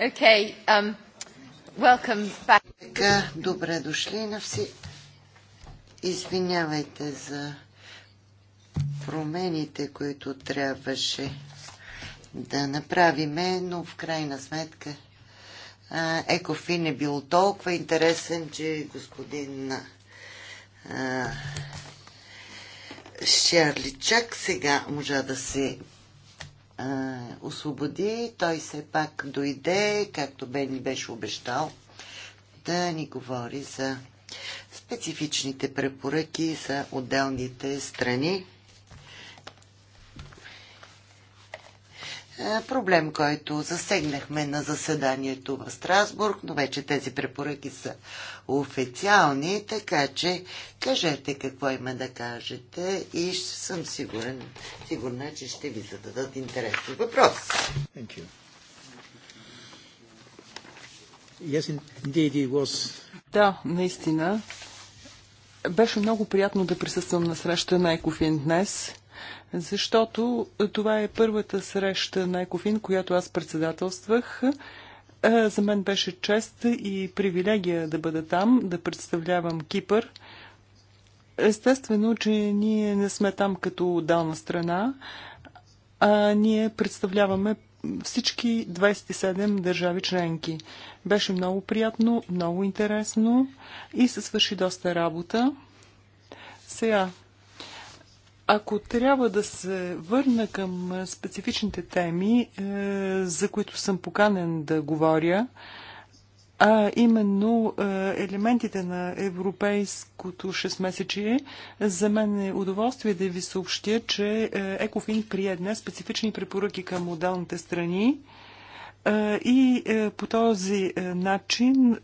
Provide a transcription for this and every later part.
Okay, um, welcome back. Така, добре дошли на всички. Извинявайте за промените, които трябваше да направиме, но в крайна сметка Екофин е бил толкова интересен, че господин а, Шерли чак сега можа да се освободи. Той все пак дойде, както бе ни беше обещал, да ни говори за специфичните препоръки за отделните страни. Е, проблем, който засегнахме на заседанието в Страсбург, но вече тези препоръки са официални, така че кажете какво има да кажете и съм сигурен, сигурна, че ще ви зададат интересни въпроси. Yes, was... Да, наистина. Беше много приятно да присъствам на среща на Екофин днес защото това е първата среща на Екофин, която аз председателствах. Е, за мен беше чест и привилегия да бъда там, да представлявам Кипър. Естествено, че ние не сме там като отдална страна, а ние представляваме всички 27 държави членки. Беше много приятно, много интересно и се свърши доста работа. Сега ако трябва да се върна към специфичните теми, е, за които съм поканен да говоря, а именно е, елементите на европейското 6-месечие. За мен е удоволствие да ви съобщя, че е, Екофин прие днес специфични препоръки към отделните страни и по този начин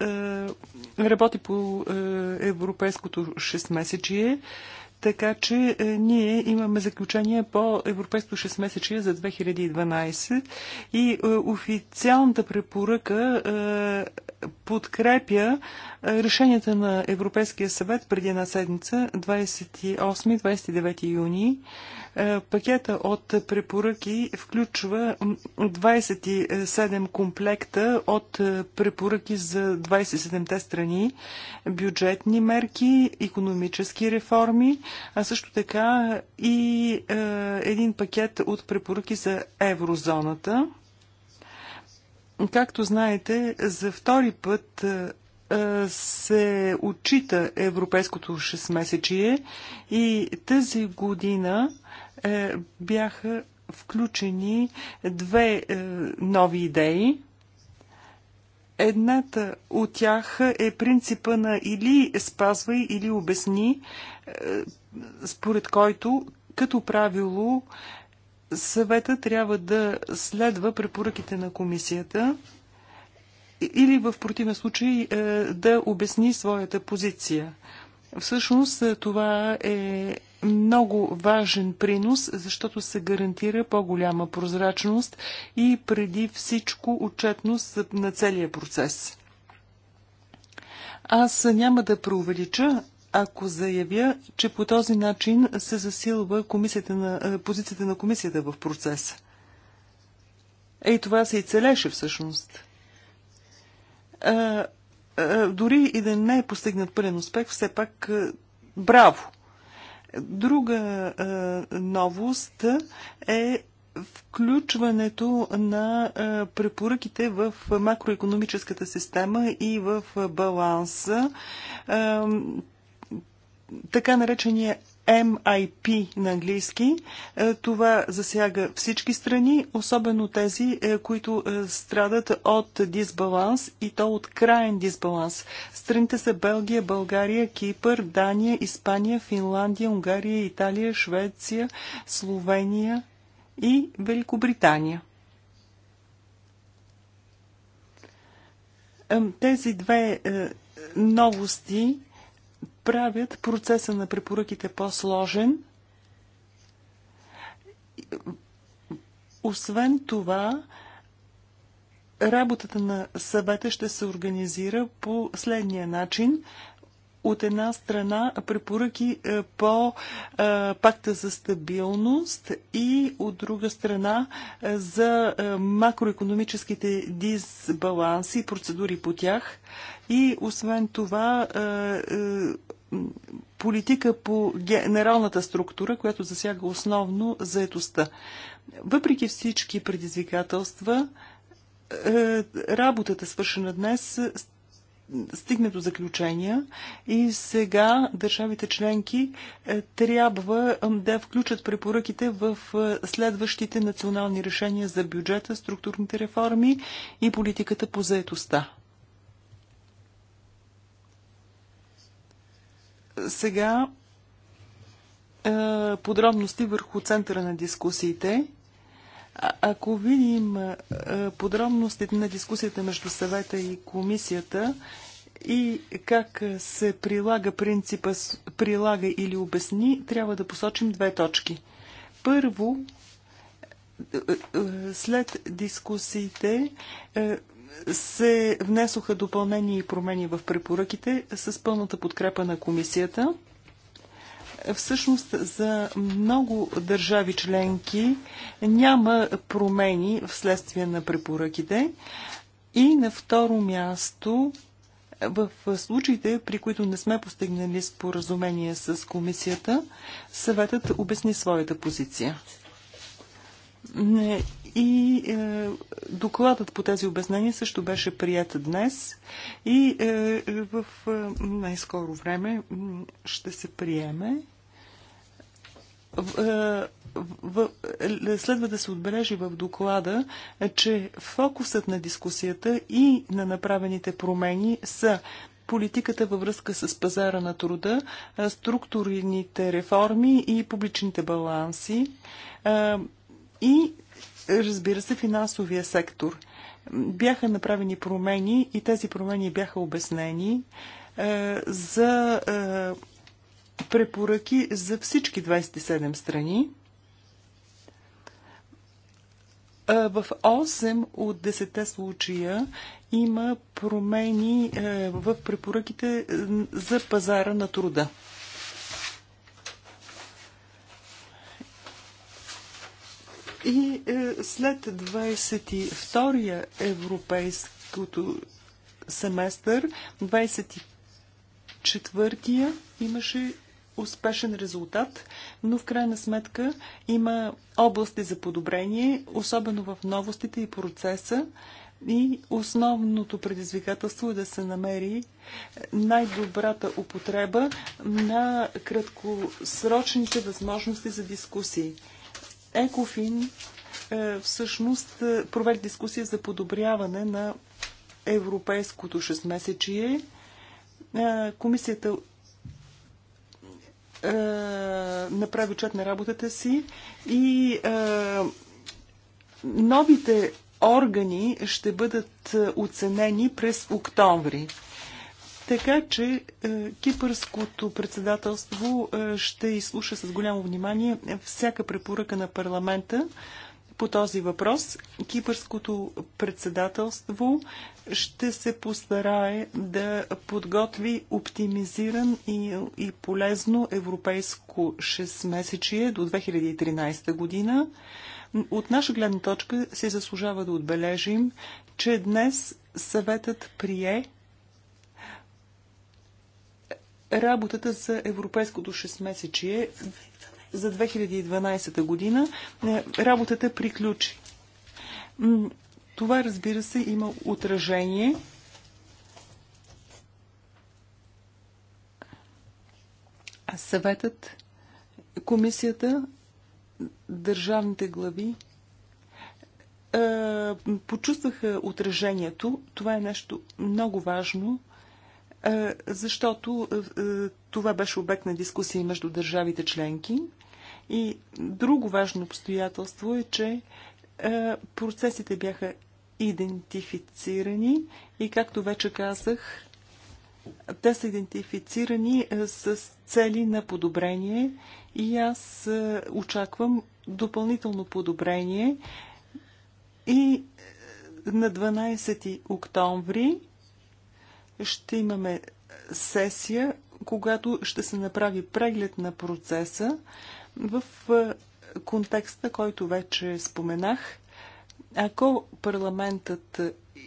работи по европейското 6-месечие. Така че е, ние имаме заключение по Европейското 6 месечие за 2012 и е, официалната препоръка е, подкрепя решенията на Европейския съвет преди една седмица, 28-29 юни. Е, пакета от препоръки включва 27 комплекта от е, препоръки за 27-те страни, бюджетни мерки, економически реформи, а също така и е, един пакет от препоръки за еврозоната. Както знаете, за втори път се отчита европейското 6-месечие и тази година е, бяха включени две е, нови идеи. Едната от тях е принципа на или спазвай, или обясни, е, според който като правило съвета трябва да следва препоръките на комисията или в противен случай да обясни своята позиция. Всъщност това е много важен принос, защото се гарантира по-голяма прозрачност и преди всичко отчетност на целия процес. Аз няма да преувелича, ако заявя, че по този начин се засилва комисията на, е, позицията на комисията в процеса. Ей, това се и целеше всъщност. А, е, а, е, дори и да не е постигнат пълен успех, все пак а, браво! Друга е, новост е включването на е, препоръките в макроекономическата система и в баланса е, така наречения MIP на английски. Е, това засяга всички страни, особено тези, е, които е, страдат от дисбаланс и то от крайен дисбаланс. Страните са Белгия, България, Кипър, Дания, Испания, Финландия, Унгария, Италия, Швеция, Словения и Великобритания. Тези две новости правят процеса на препоръките по-сложен. Освен това, работата на съвета ще се организира по следния начин. От една страна препоръки е, по е, пакта за стабилност и от друга страна е, за макроекономическите дисбаланси процедури по тях. И освен това политика по генералната структура, която засяга основно заетостта. Въпреки всички предизвикателства, е, работата свършена днес стигне до заключения и сега държавите членки е, трябва е, да включат препоръките в следващите национални решения за бюджета, структурните реформи и политиката по заетостта. Сега е, подробности върху центъра на дискусиите. А ако видим е, подробностите на дискусията между съвета и комисията и как се прилага принципа прилага или обясни, трябва да посочим две точки. Първо, е, след дискусиите се внесоха допълнения и промени в препоръките с пълната подкрепа на комисията. Всъщност за много държави членки няма промени вследствие на препоръките. И на второ място, в случаите, при които не сме постигнали споразумение с комисията, съветът обясни своята позиция. Е, и е, докладът по тези обяснения също беше прият днес и е, в е, най-скоро време ще се приеме. В, е, в, е, следва да се отбележи в доклада, е, че фокусът на дискусията и на направените промени са политиката във връзка с пазара на труда, структурните реформи и публичните баланси и разбира се финансовия сектор. Бяха направени промени и тези промени бяха обяснени е, за е, препоръки за всички 27 страни. Е, в 8 от 10 случая има промени е, в препоръките е, за пазара на труда. И е, след 22-я европейското семестър, 24-я имаше успешен резултат, но в крайна сметка има области за подобрение, особено в новостите и процеса. И основното предизвикателство е да се намери най-добрата употреба на краткосрочните възможности за дискусии. Екофин е, всъщност е, проведе дискусия за подобряване на европейското 6-месечие. Е, комисията направи отчет на работата си и новите органи ще бъдат оценени през октомври. Така че е, кипърското председателство е, ще изслуша с голямо внимание всяка препоръка на парламента по този въпрос. Кипърското председателство ще се постарае да подготви оптимизиран и, и полезно европейско 6-месечие до 2013 година. От наша гледна точка се заслужава да отбележим, че днес съветът прие работата за европейското 6-месечие за 2012 година. Е, работата приключи. Това, разбира се, има отражение съветът, комисията, държавните глави е, почувстваха отражението. Това е нещо много важно. Е, защото е, е, това беше обект на дискусии между държавите членки. И друго важно обстоятелство е, че процесите бяха идентифицирани и, както вече казах, те са идентифицирани с цели на подобрение и аз очаквам допълнително подобрение и на 12 октомври ще имаме сесия, когато ще се направи преглед на процеса в е, контекста, който вече споменах. Ако парламентът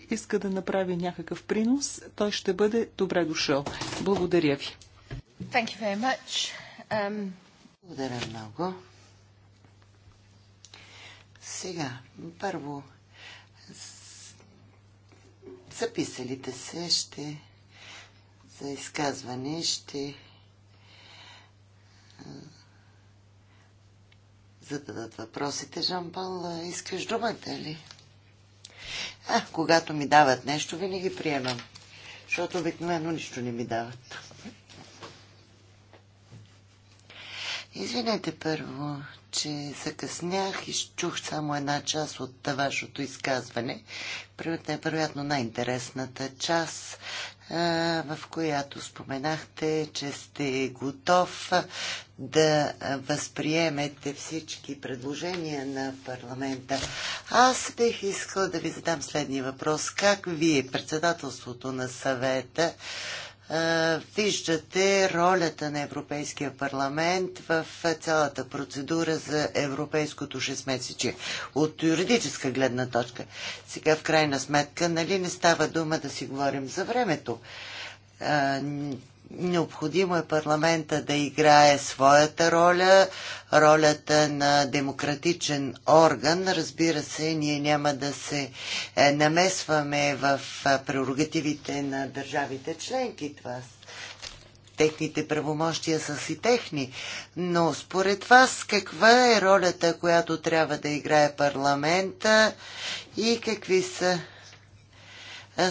иска да направи някакъв принос, той ще бъде добре дошъл. Благодаря ви. Thank you very much. Um... Благодаря много. Сега, първо, Записалите се ще за изказване ще зададат въпросите. Жан-Пал, искаш думата ли? А, когато ми дават нещо, винаги приемам. Защото обикновено нищо не ми дават. Извинете първо, че закъснях и чух само една част от вашето изказване. Е вероятно най-интересната част, в която споменахте, че сте готов да възприемете всички предложения на парламента. Аз бих искала да ви задам следния въпрос. Как вие, председателството на съвета, е, виждате ролята на Европейския парламент в цялата процедура за европейското 6 месече от юридическа гледна точка. Сега в крайна сметка, нали не става дума да си говорим за времето. Е, Необходимо е парламента да играе своята роля, ролята на демократичен орган. Разбира се, ние няма да се е, намесваме в е, прерогативите на държавите членки. Това техните правомощия са си техни, но според вас каква е ролята, която трябва да играе парламента и какви са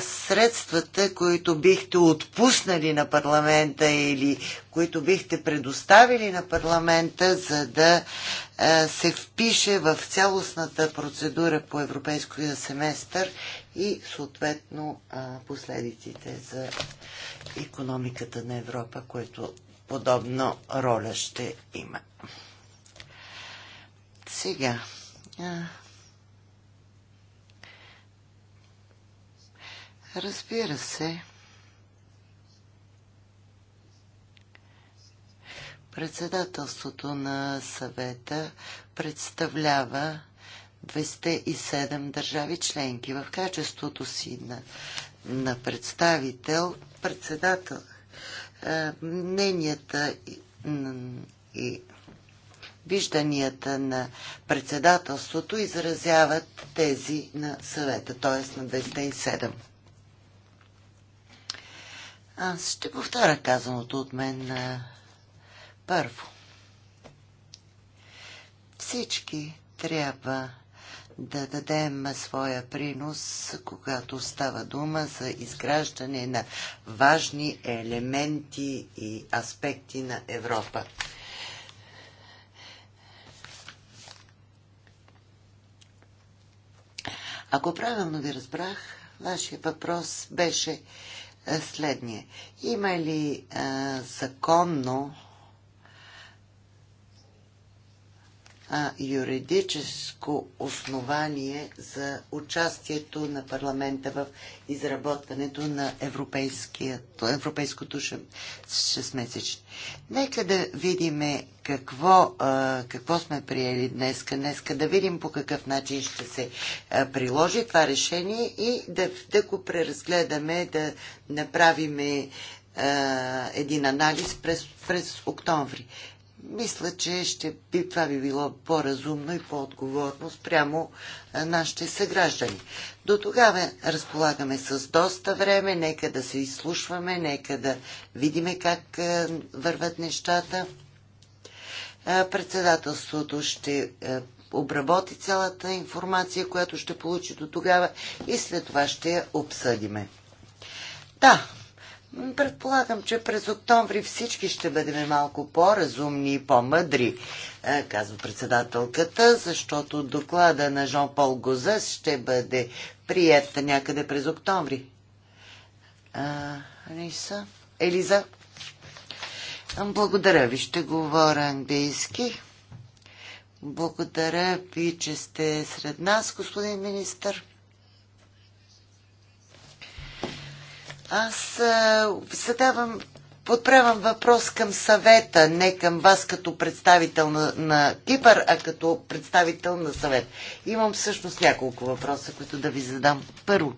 средствата, които бихте отпуснали на парламента или които бихте предоставили на парламента, за да се впише в цялостната процедура по европейския семестър и съответно последиците за економиката на Европа, което подобна роля ще има. Сега. Разбира се. Председателството на съвета представлява 207 държави членки. В качеството си на, на представител, председател, е, мненията и, и вижданията на председателството изразяват тези на съвета, т.е. на 207. Аз ще повторя казаното от мен първо. Всички трябва да дадем своя принос, когато става дума за изграждане на важни елементи и аспекти на Европа. Ако правилно ви разбрах, вашия въпрос беше следния. Има ли а, законно а, юридическо основание за участието на парламента в изработването на европейското 6 месечни. Нека да видим какво, какво сме приели днес. Днеска да видим по какъв начин ще се а, приложи това решение и да, да го преразгледаме, да направим един анализ през, през октомври мисля, че ще би, това би било по-разумно и по-отговорно спрямо нашите съграждани. До тогава разполагаме с доста време, нека да се изслушваме, нека да видиме как върват нещата. Председателството ще обработи цялата информация, която ще получи до тогава и след това ще я обсъдиме. Да, Предполагам, че през октомври всички ще бъдем малко по-разумни и по-мъдри, е, казва председателката, защото доклада на Жан-Пол Гозес ще бъде прият някъде през октомври. Алиса? Елиза? Благодаря ви, ще говоря английски. Благодаря ви, че сте сред нас, господин министър. Аз задавам, подправям въпрос към съвета, не към вас като представител на, на Кипър, а като представител на съвет. Имам всъщност няколко въпроса, които да ви задам. Първо,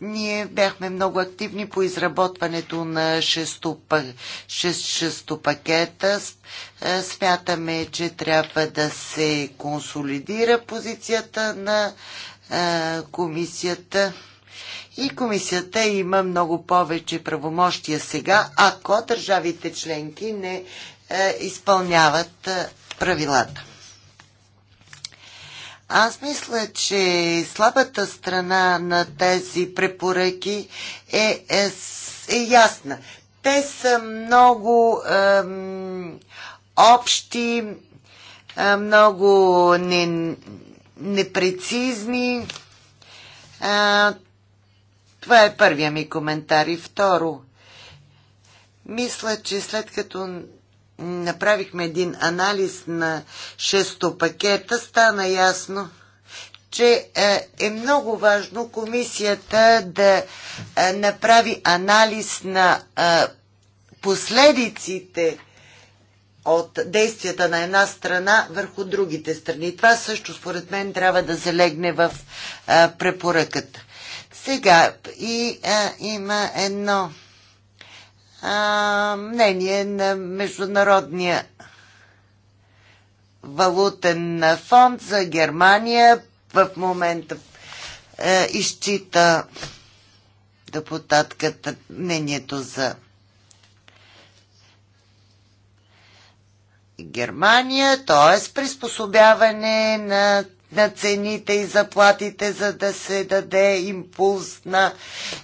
ние бяхме много активни по изработването на шесто пакета. Е, смятаме, че трябва да се консолидира позицията на е, комисията. И комисията има много повече правомощия сега, ако държавите членки не е, изпълняват правилата. Аз мисля, че слабата страна на тези препоръки е, е, е ясна. Те са много е, общи, е, много не, непрецизни. Е, това е първия ми коментар. И второ, мисля, че след като направихме един анализ на шесто пакета, стана ясно, че е, е много важно комисията да е, направи анализ на е, последиците от действията на една страна върху другите страни. Това също според мен трябва да залегне в препоръката. Сега и а, има едно а, мнение на Международния валутен фонд за Германия. В момента е, изчита депутатката мнението за Германия, т.е. приспособяване на, на цените и заплатите, за да се даде импулс на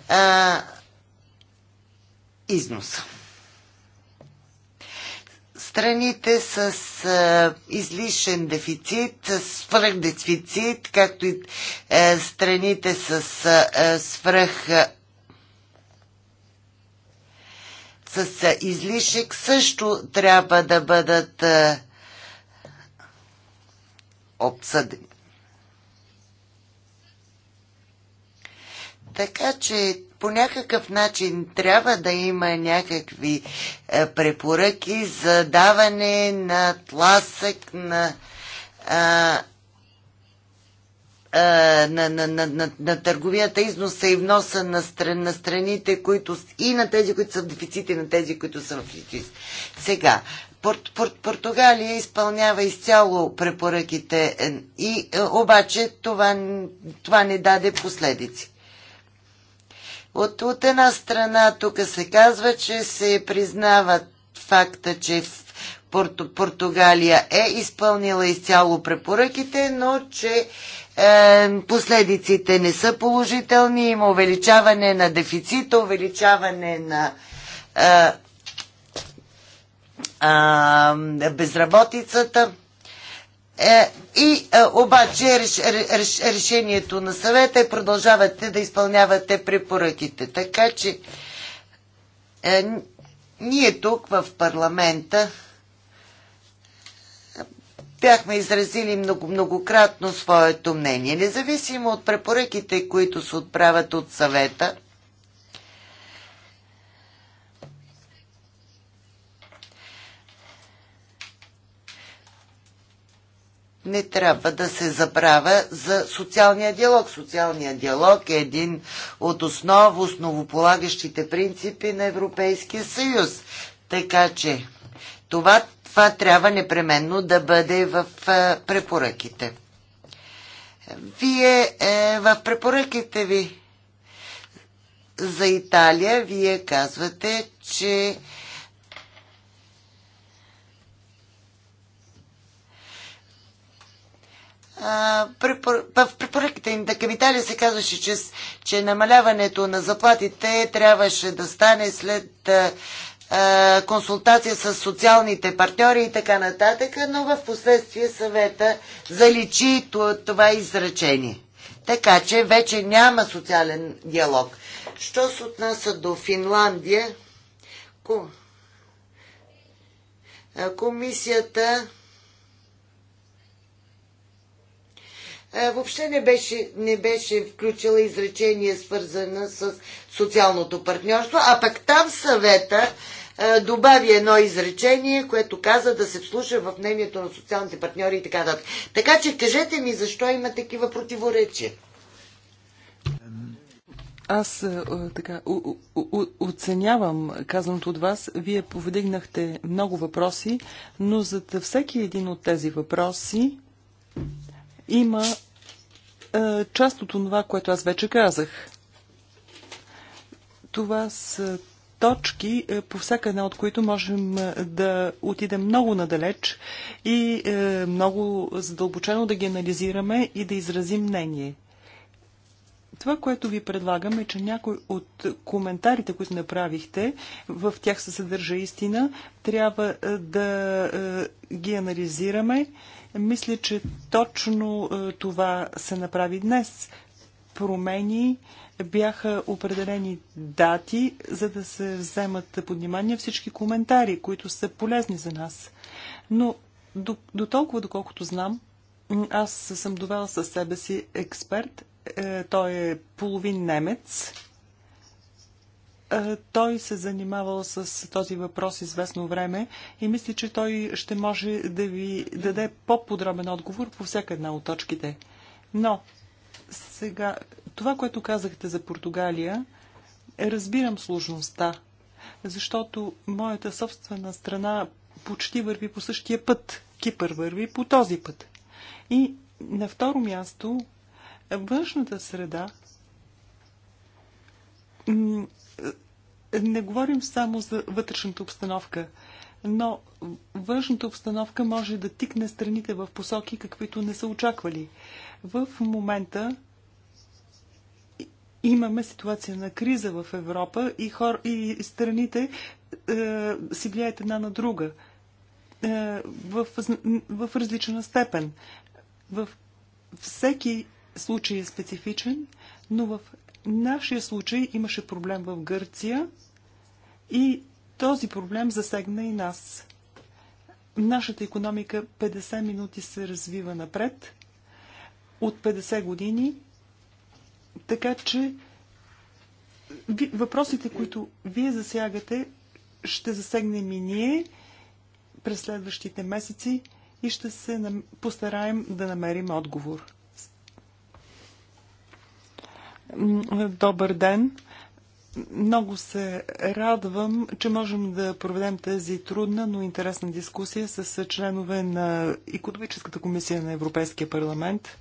а, износа. Страните с а, излишен дефицит, свръхдефицит, както и а, е, страните с а, е, свръх а, с а, излишек също трябва да бъдат а, обсъдени. Така че по някакъв начин трябва да има някакви е, препоръки за даване на тласък на а, на, на, на, на, на търговията, износа и вноса на, стран, на страните, които и на тези, които са в дефицит, и на тези, които са в дефицит. Сега, Порт, Порт, Португалия изпълнява изцяло препоръките, е, и, е, обаче това, това не даде последици. От, от една страна тук се казва, че се признава факта, че Порту, Португалия е изпълнила изцяло препоръките, но че е, последиците не са положителни. Има увеличаване на дефицита, увеличаване на е, е безработицата. Е, и е, обаче реш, реш, решението на съвета е продължавате да изпълнявате препоръките. Така че е, ние тук в парламента е, бяхме изразили много, многократно своето мнение. Независимо от препоръките, които се отправят от съвета, не трябва да се забравя за социалния диалог. Социалния диалог е един от основ, основополагащите принципи на Европейския съюз. Така че това, това трябва непременно да бъде в препоръките. Вие е, в препоръките ви за Италия, вие казвате, че в препоръките на капитали се казваше, че, че намаляването на заплатите трябваше да стане след а, консултация с социалните партньори и така нататък, но в последствие съвета заличи това изречение. Така че вече няма социален диалог. Що се отнася до Финландия, комисията въобще не беше, не беше включила изречение свързано с социалното партньорство, а пък там съвета добави едно изречение, което каза да се вслуша в мнението на социалните партньори и така нататък. Така че кажете ми защо има такива противоречия. Аз така оценявам казаното от вас. Вие повдигнахте много въпроси, но за всеки един от тези въпроси има е, част от това, което аз вече казах. Това са точки, е, по всяка една от които можем е, да отидем много надалеч и е, много задълбочено да ги анализираме и да изразим мнение. Това, което ви предлагам е, че някой от коментарите, които направихте, в тях се съдържа истина, трябва да ги анализираме мисля, че точно е, това се направи днес. Промени бяха определени дати, за да се вземат под внимание всички коментари, които са полезни за нас. Но до, до толкова, доколкото знам, аз съм довела със себе си експерт. Е, той е половин немец е, той се занимавал с този въпрос известно време и мисли, че той ще може да ви даде по-подробен отговор по всяка една от точките. Но сега, това, което казахте за Португалия, разбирам сложността, защото моята собствена страна почти върви по същия път. Кипър върви по този път. И на второ място, външната среда не говорим само за вътрешната обстановка, но външната обстановка може да тикне страните в посоки, каквито не са очаквали. В момента имаме ситуация на криза в Европа и, хор, и страните е, си влияят една на друга е, в, в различна степен. В всеки случай е специфичен, но в нашия случай имаше проблем в Гърция и този проблем засегна и нас. Нашата економика 50 минути се развива напред от 50 години, така че въпросите, които вие засягате, ще засегнем и ние през следващите месеци и ще се постараем да намерим отговор. Добър ден! Много се радвам, че можем да проведем тази трудна, но интересна дискусия с членове на Економическата комисия на Европейския парламент.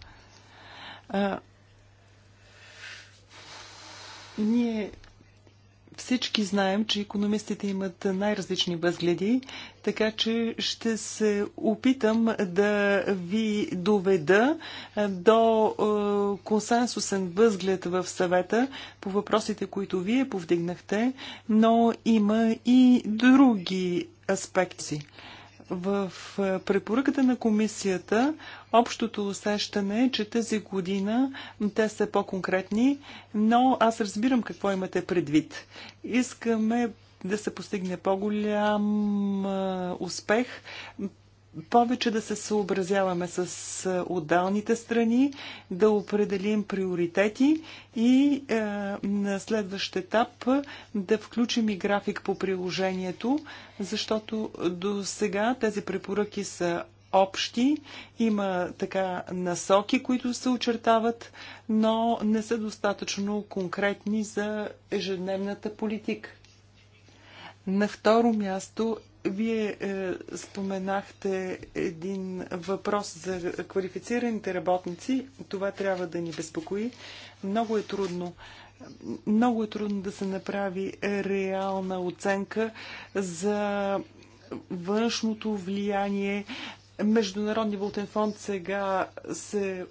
Ние всички знаем, че економистите имат най-различни възгледи, така че ще се опитам да ви доведа до консенсусен възглед в съвета по въпросите, които вие повдигнахте, но има и други аспекти. В препоръката на комисията общото усещане е, че тази година те са по-конкретни, но аз разбирам какво имате предвид. Искаме да се постигне по-голям успех повече да се съобразяваме с отдалните страни, да определим приоритети и е, на следващ етап да включим и график по приложението, защото до сега тези препоръки са общи, има така насоки, които се очертават, но не са достатъчно конкретни за ежедневната политика. На второ място вие е, споменахте един въпрос за квалифицираните работници. Това трябва да ни безпокои. Много е трудно. Много е трудно да се направи реална оценка за външното влияние. Международния валутен фонд сега се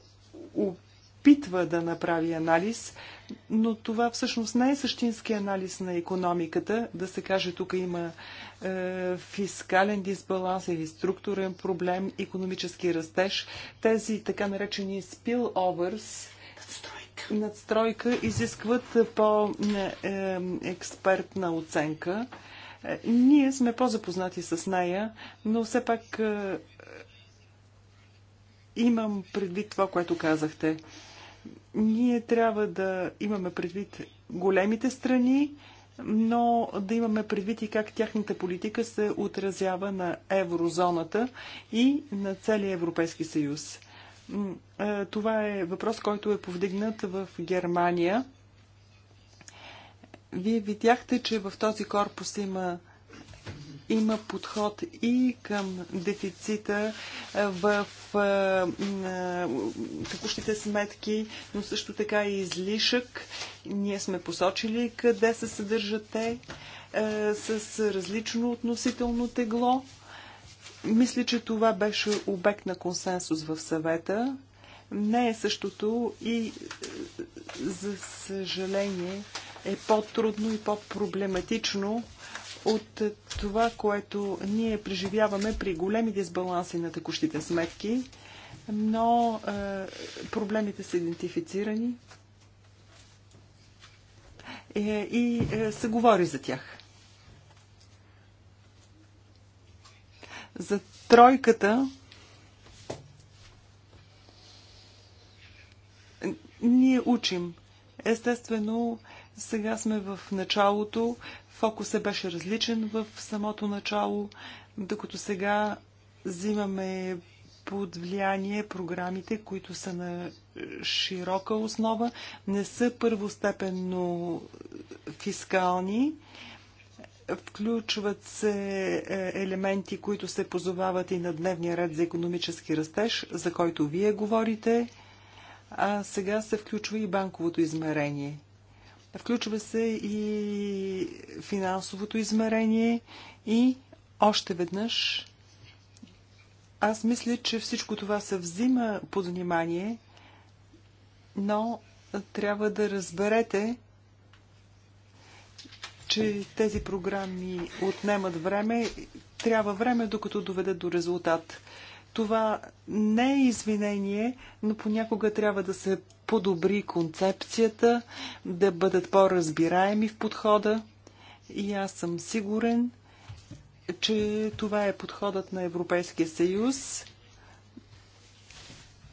опитва да направи анализ, но това всъщност не е същински анализ на економиката, да се каже тук има е, фискален дисбаланс или структурен проблем, економически растеж. Тези така наречени spillovers, надстройка, надстройка изискват по-експертна е, оценка. Е, ние сме по-запознати с нея, но все пак е, имам предвид това, което казахте. Ние трябва да имаме предвид големите страни, но да имаме предвид и как тяхната политика се отразява на еврозоната и на целия Европейски съюз. Това е въпрос, който е повдигнат в Германия. Вие видяхте, че в този корпус има има подход и към дефицита в текущите сметки, но също така и излишък. Ние сме посочили къде се съдържат те с различно относително тегло. Мисля, че това беше обект на консенсус в съвета. Не е същото и, за съжаление, е по-трудно и по-проблематично от това, което ние преживяваме при големи дисбаланси на текущите сметки, но е, проблемите са идентифицирани е, и е, се говори за тях. За тройката ние учим. Естествено, сега сме в началото. Фокусът беше различен в самото начало, докато сега взимаме под влияние програмите, които са на широка основа, не са първостепенно фискални. Включват се е, елементи, които се позовават и на дневния ред за економически растеж, за който вие говорите. А сега се включва и банковото измерение – Включва се и финансовото измерение и още веднъж аз мисля, че всичко това се взима под внимание, но трябва да разберете, че тези програми отнемат време. Трябва време, докато доведат до резултат. Това не е извинение, но понякога трябва да се подобри концепцията, да бъдат по-разбираеми в подхода. И аз съм сигурен, че това е подходът на Европейския съюз,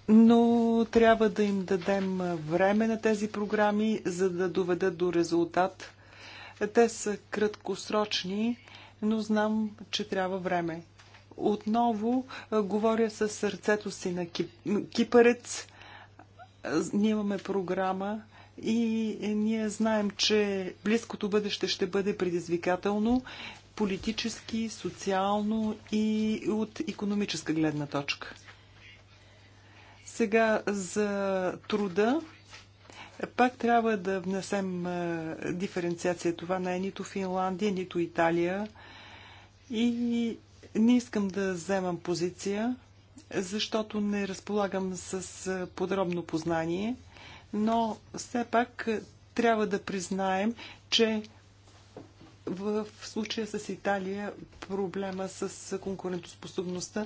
но трябва да им дадем време на тези програми, за да доведат до резултат. Те са краткосрочни, но знам, че трябва време. Отново говоря със сърцето си на кипарец. Ние имаме програма и е, ние знаем, че близкото бъдеще ще бъде предизвикателно политически, социално и от економическа гледна точка. Сега за труда. Пак трябва да внесем диференциация. Това не е нито Финландия, нито Италия. И не искам да вземам позиция, защото не разполагам с подробно познание, но все пак трябва да признаем, че в случая с Италия проблема с конкурентоспособността,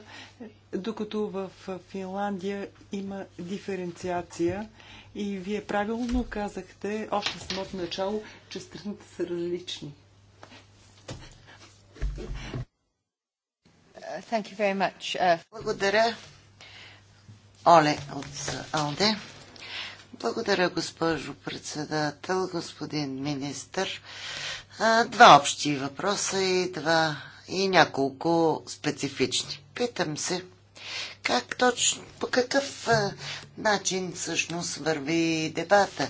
докато в Финландия има диференциация и вие правилно казахте още самото начало, че страните са различни. Thank you very much. Uh, Благодаря. Оле от Алде. Благодаря, госпожо председател, господин министр. Два общи въпроса и, два, и няколко специфични. Питам се, как точно, по какъв начин всъщност върви дебата?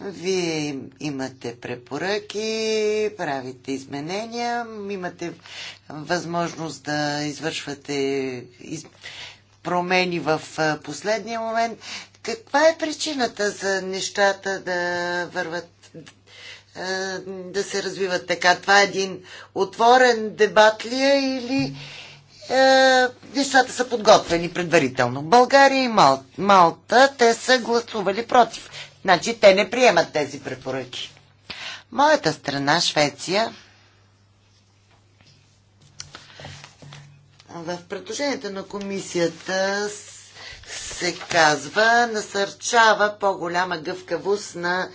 Вие имате препоръки, правите изменения, имате възможност да извършвате из... промени в последния момент. Каква е причината за нещата да върват, да се развиват така? Това е един отворен дебат ли е или е, нещата са подготвени предварително? България и Мал... Малта, те са гласували против. Значи те не приемат тези препоръки. Моята страна, Швеция, в предложението на комисията се казва, насърчава по-голяма гъвкавост на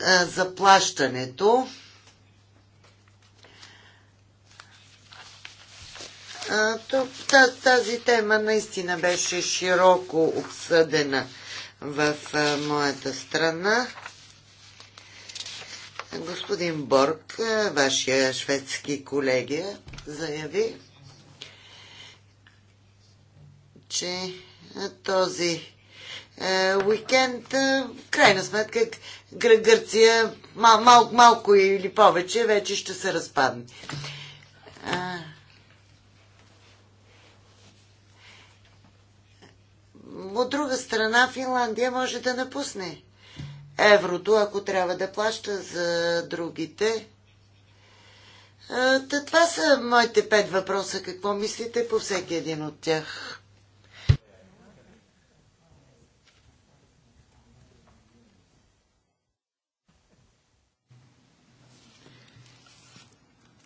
а, заплащането. А, тази тема наистина беше широко обсъдена в моята страна. Господин Борг, вашия шведски колегия, заяви, че този е, уикенд, е, в крайна сметка, Гр- Гърция мал- мал- малко или повече вече ще се разпадне. А, От друга страна, Финландия може да напусне еврото, ако трябва да плаща за другите. Та това са моите пет въпроса. Какво мислите по всеки един от тях?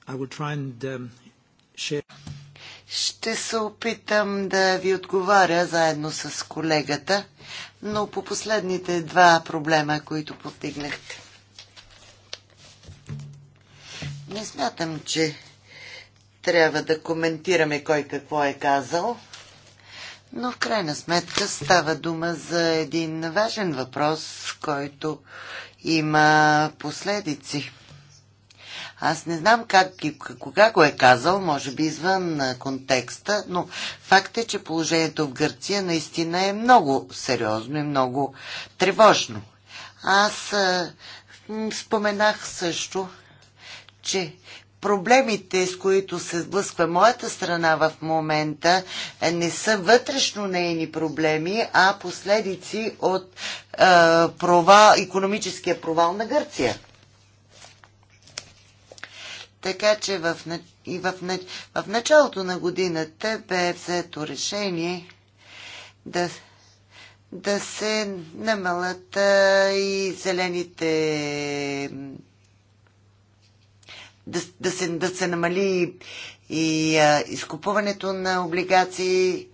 I will try and um, share. Ще се опитам да ви отговаря заедно с колегата, но по последните два проблема, които повдигнахте. Не смятам, че трябва да коментираме кой какво е казал, но в крайна сметка става дума за един важен въпрос, който има последици. Аз не знам как и кога го е казал, може би извън контекста, но факт е, че положението в Гърция наистина е много сериозно и много тревожно. Аз споменах също, че проблемите, с които се сблъсква моята страна в момента, е, не са вътрешно нейни проблеми, а последици от е, провал, економическия провал на Гърция. Така че в, и в, в началото на годината бе взето решение да, да се намалят и зелените. Да, да, се, да се намали и а, изкупуването на облигации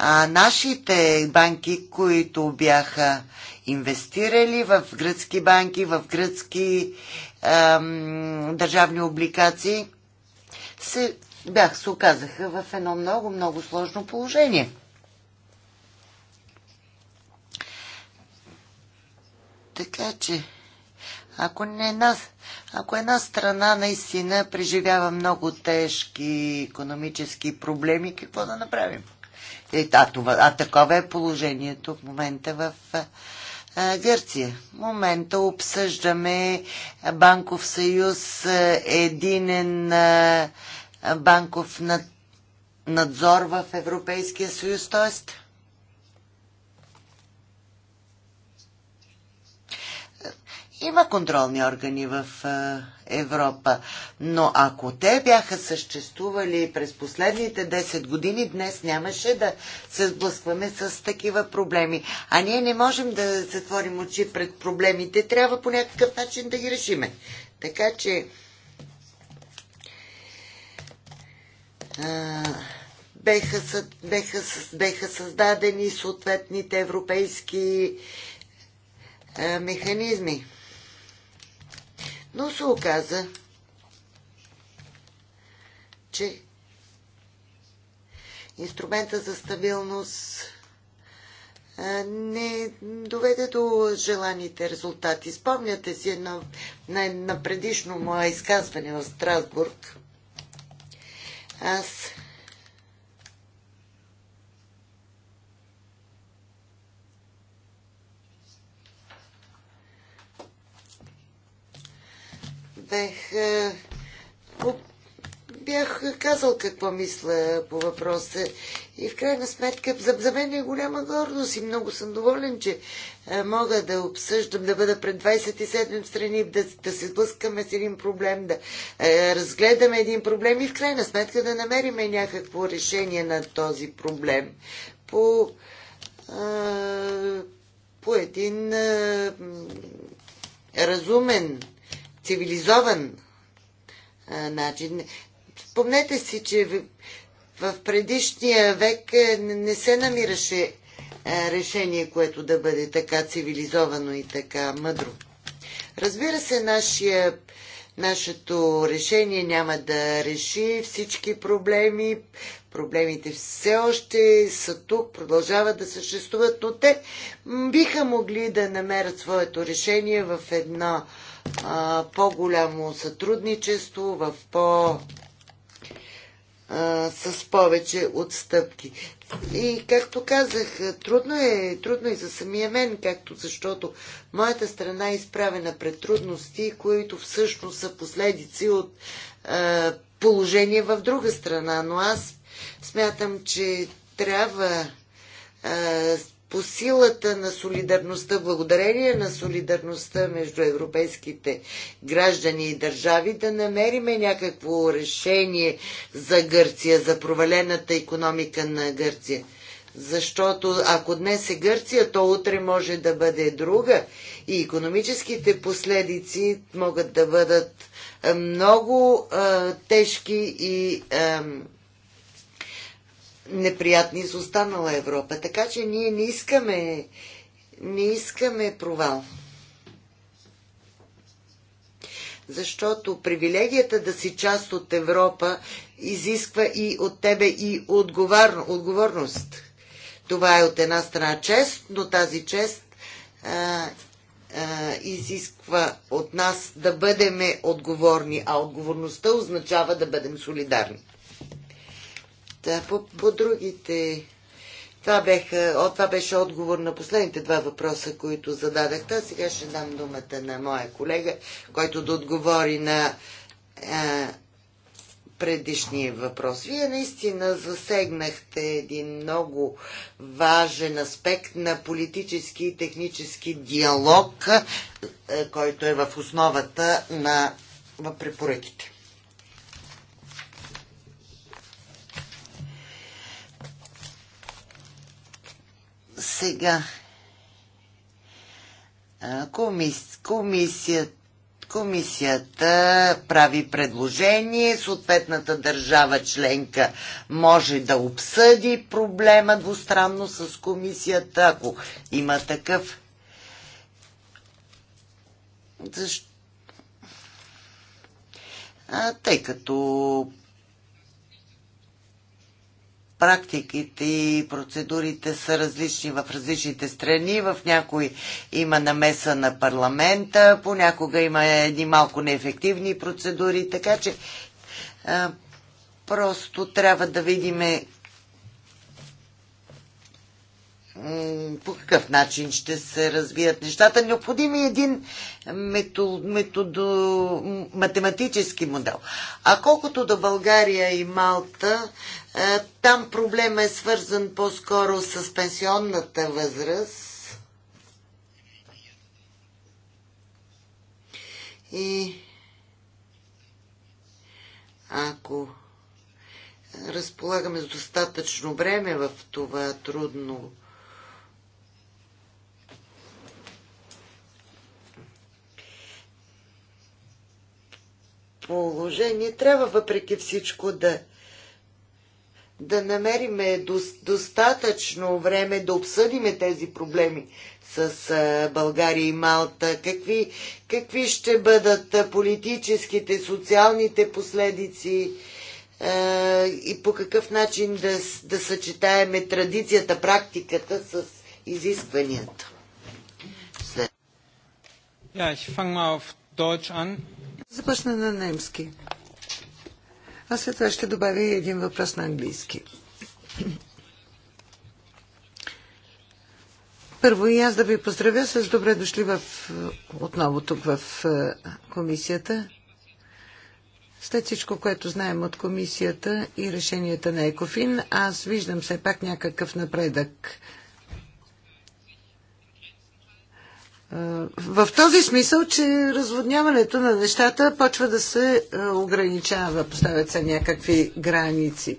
а нашите банки, които бяха инвестирали в гръцки банки, в гръцки ем, държавни обликации, се, бях, се оказаха в едно много, много сложно положение. Така че, ако не една, ако една страна наистина преживява много тежки економически проблеми, какво да направим? Е, а, това, а такова е положението в момента в а, Гърция. В момента обсъждаме банков съюз, единен а, банков над, надзор в Европейския съюз, т.е. Има контролни органи в Европа, но ако те бяха съществували през последните 10 години, днес нямаше да се сблъскваме с такива проблеми. А ние не можем да затворим очи пред проблемите, трябва по някакъв начин да ги решиме. Така че. беха, беха, беха създадени съответните европейски механизми но се оказа, че инструмента за стабилност не доведе до желаните резултати. Спомняте си едно, на, на предишно мое изказване в Страсбург. Аз Е, по, бях казал какво мисля по въпроса. И в крайна сметка, за, за мен е голяма гордост и много съм доволен, че е, мога да обсъждам, да бъда пред 27 страни, да, да се сблъскаме с един проблем, да е, разгледаме един проблем и в крайна сметка да намериме някакво решение на този проблем по, е, по един е, разумен цивилизован а, начин. Спомнете си, че в, в предишния век е, не се намираше а, решение, което да бъде така цивилизовано и така мъдро. Разбира се, нашия, нашето решение няма да реши всички проблеми. Проблемите все още са тук, продължават да съществуват, но те биха могли да намерят своето решение в едно по-голямо сътрудничество, в по- а, с повече отстъпки. И както казах, трудно е, трудно и е за самия мен, както защото моята страна е изправена пред трудности, които всъщност са последици от а, положение в друга страна. Но аз смятам, че трябва а, по силата на солидарността, благодарение на солидарността между европейските граждани и държави, да намериме някакво решение за Гърция, за провалената економика на Гърция. Защото ако днес е Гърция, то утре може да бъде друга и економическите последици могат да бъдат много а, тежки и. А, неприятни за останала Европа. Така че ние не искаме, не искаме провал. Защото привилегията да си част от Европа изисква и от тебе и отговор, отговорност. Това е от една страна чест, но тази чест а, а, изисква от нас да бъдеме отговорни, а отговорността означава да бъдем солидарни. Да, по, по другите. Това, беха, това беше отговор на последните два въпроса, които зададахте. Та сега ще дам думата на моя колега, който да отговори на а, предишния въпрос. Вие наистина засегнахте един много важен аспект на политически и технически диалог, който е в основата на препоръките. Сега комис, комисията Комисията прави предложение, съответната държава членка може да обсъди проблема двустранно с комисията, ако има такъв. Защо? А, тъй като практиките и процедурите са различни в различните страни. В някои има намеса на парламента, понякога има едни малко неефективни процедури, така че а, просто трябва да видим по какъв начин ще се развият нещата. Необходим е един мето, методо, математически модел. А колкото до България и Малта, е, там проблема е свързан по-скоро с пенсионната възраст. И ако разполагаме с достатъчно време в това трудно положение, трябва въпреки всичко да да намериме достатъчно време да обсъдиме тези проблеми с България и Малта. Какви, какви ще бъдат политическите, социалните последици а, и по какъв начин да, да съчетаеме традицията, практиката с изискванията. Ja, ich fange mal auf Deutsch an. Започна на немски. А след това ще добавя и един въпрос на английски. Първо и аз да ви поздравя с добре дошли в, отново тук в комисията. След всичко, което знаем от комисията и решенията на Екофин, аз виждам все пак някакъв напредък В този смисъл, че разводняването на нещата почва да се е, ограничава, поставят се някакви граници.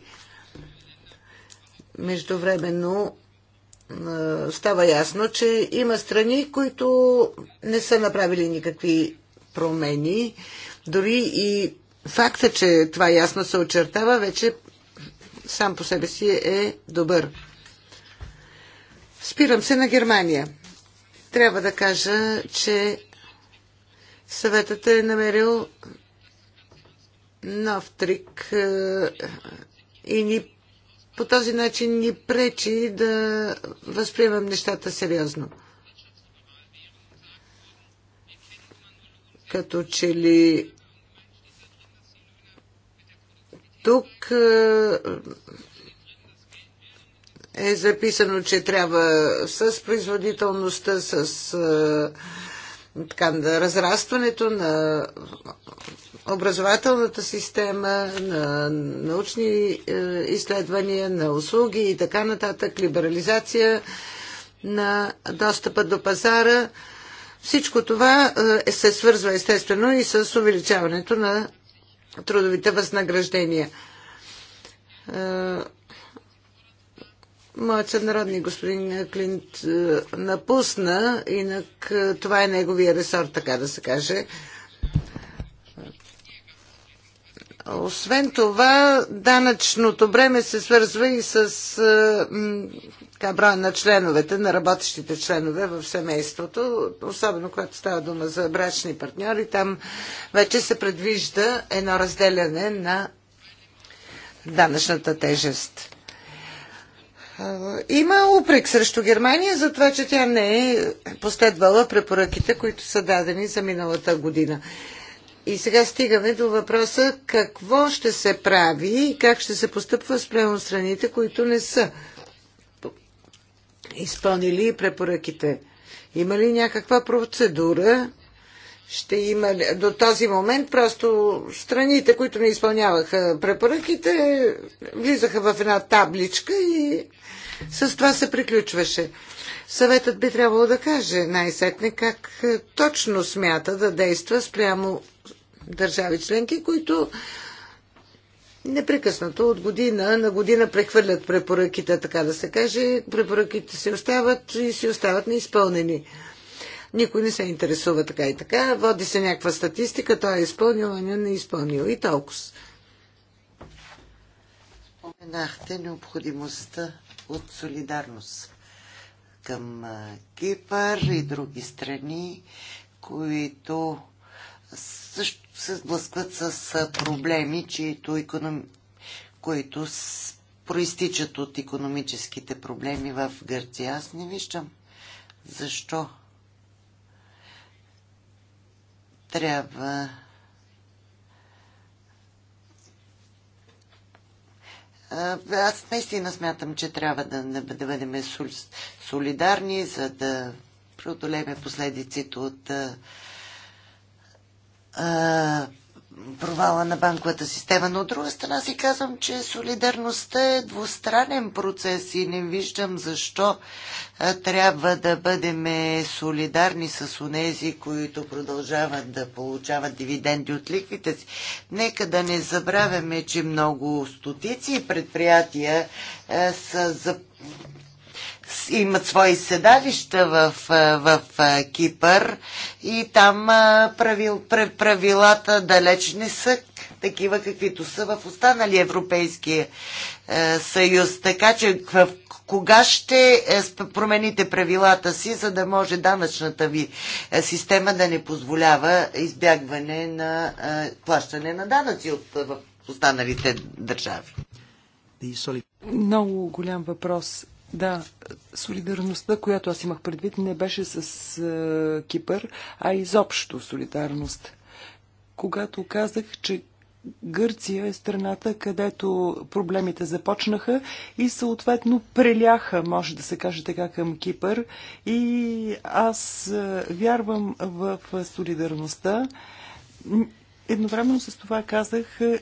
Междувременно е, става ясно, че има страни, които не са направили никакви промени. Дори и факта, че това ясно се очертава, вече сам по себе си е добър. Спирам се на Германия трябва да кажа, че съветът е намерил нов трик е, и ни, по този начин ни пречи да възприемам нещата сериозно. Като че ли тук е, е записано, че трябва с производителността, с така, да разрастването на образователната система, на научни е, изследвания, на услуги и така нататък, либерализация на достъпа до пазара. Всичко това е, се свързва естествено и с увеличаването на трудовите възнаграждения. Е, Моят съднародник господин Клинт е, напусна, инак е, това е неговия ресор, така да се каже. Освен това, данъчното бреме се свързва и с е, така, броя на членовете, на работещите членове в семейството, особено когато става дума за брачни партньори. Там вече се предвижда едно разделяне на данъчната тежест. Има упрек срещу Германия за това, че тя не е последвала препоръките, които са дадени за миналата година. И сега стигаме до въпроса какво ще се прави и как ще се постъпва спрямо страните, които не са изпълнили препоръките. Има ли някаква процедура ще има до този момент просто страните, които не изпълняваха препоръките, влизаха в една табличка и с това се приключваше. Съветът би трябвало да каже най-сетне как е, точно смята да действа спрямо държави членки, които непрекъснато от година на година прехвърлят препоръките, така да се каже. Препоръките си остават и си остават неизпълнени. Никой не се интересува така и така. Води се някаква статистика, той е изпълнил, а не, не е изпълнил. И толкова. Споменахте необходимостта от солидарност към Кипър и други страни, които също се сблъскват с проблеми, чието економ... които с... проистичат от економическите проблеми в Гърция. Аз не виждам защо трябва аз наистина смятам, че трябва да, да бъдем солидарни, за да преодолеме последиците от а, провала на банковата система, но от друга страна си казвам, че солидарността е двустранен процес и не виждам защо трябва да бъдем солидарни с онези, които продължават да получават дивиденди от ликвите си. Нека да не забравяме, че много стотици предприятия са за имат свои седалища в, в, в Кипър и там правил, правилата далеч не са такива, каквито са в останали Европейския е, съюз. Така че в, кога ще е, промените правилата си, за да може данъчната ви е, система да не позволява избягване на е, плащане на данъци от, е, в останалите държави? Много голям въпрос. Да, солидарността, която аз имах предвид, не беше с е, Кипър, а изобщо солидарност. Когато казах, че Гърция е страната, където проблемите започнаха и съответно преляха, може да се каже така, към Кипър. И аз е, вярвам в солидарността. Едновременно с това казах, е,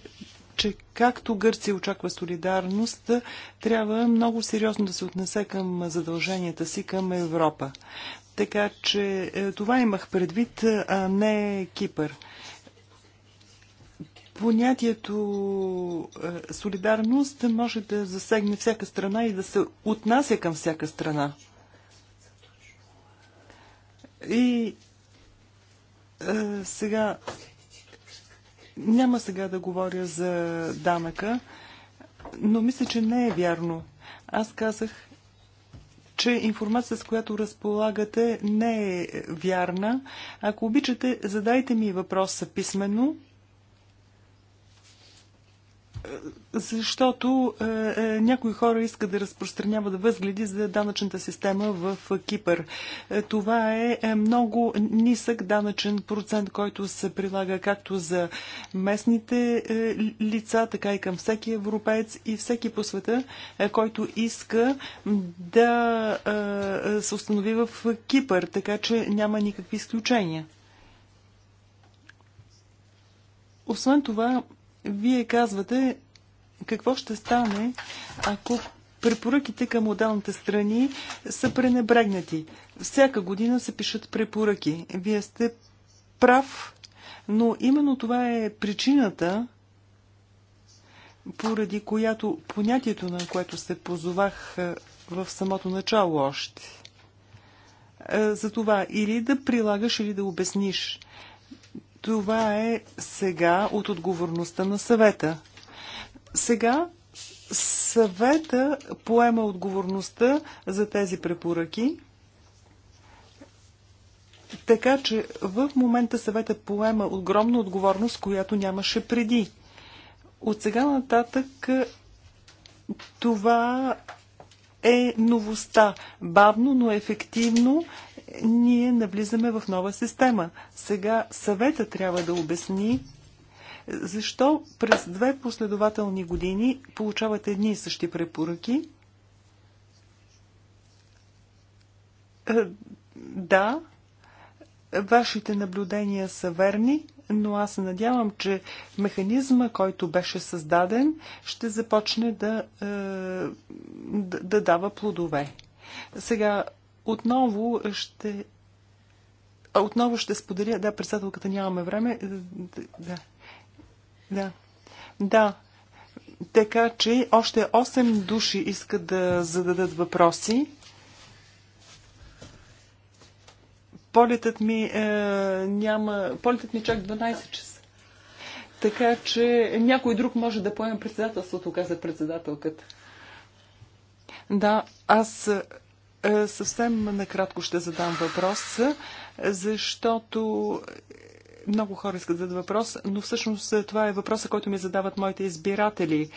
че както Гърция очаква солидарност, трябва много сериозно да се отнесе към задълженията си към Европа. Така че е, това имах предвид, е, а не Кипър. Понятието е, солидарност може да засегне всяка страна и да се отнася към всяка страна. И е, сега няма сега да говоря за данъка, но мисля, че не е вярно. Аз казах, че информация, с която разполагате, не е вярна. Ако обичате, задайте ми въпроса писменно защото е, е, някои хора искат да разпространяват възгледи за данъчната система в е, Кипър. Е, това е, е много нисък данъчен процент, който се прилага както за местните е, лица, така и към всеки европеец и всеки по света, е, който иска да е, е се установи в Кипър, така че няма никакви изключения. Освен това, вие казвате какво ще стане, ако препоръките към отделните страни са пренебрегнати. Всяка година се пишат препоръки. Вие сте прав, но именно това е причината, поради която понятието, на което се позовах е, в самото начало още. Е, за това или да прилагаш, или да обясниш. Това е сега от отговорността на съвета. Сега съвета поема отговорността за тези препоръки. Така че в момента съвета поема огромна отговорност, която нямаше преди. От сега нататък е, това е новостта. Бавно, но ефективно ние навлизаме в нова система. Сега съвета трябва да обясни защо през две последователни години получават едни и същи препоръки. Е, да, вашите наблюдения са верни, но аз се надявам, че механизма, който беше създаден, ще започне да, е, да, да дава плодове. Сега отново ще а отново ще споделя, да, председателката нямаме време. Е, да. Да. Да. Така че още 8 души искат да зададат въпроси. Полетът ми е, няма. Полетът ми е чак 12 часа. Така че някой друг може да поеме председателството, каза председателката. Да, аз е, съвсем накратко ще задам въпрос, защото много хора искат да зададат въпрос, но всъщност това е въпроса, който ми задават моите избиратели.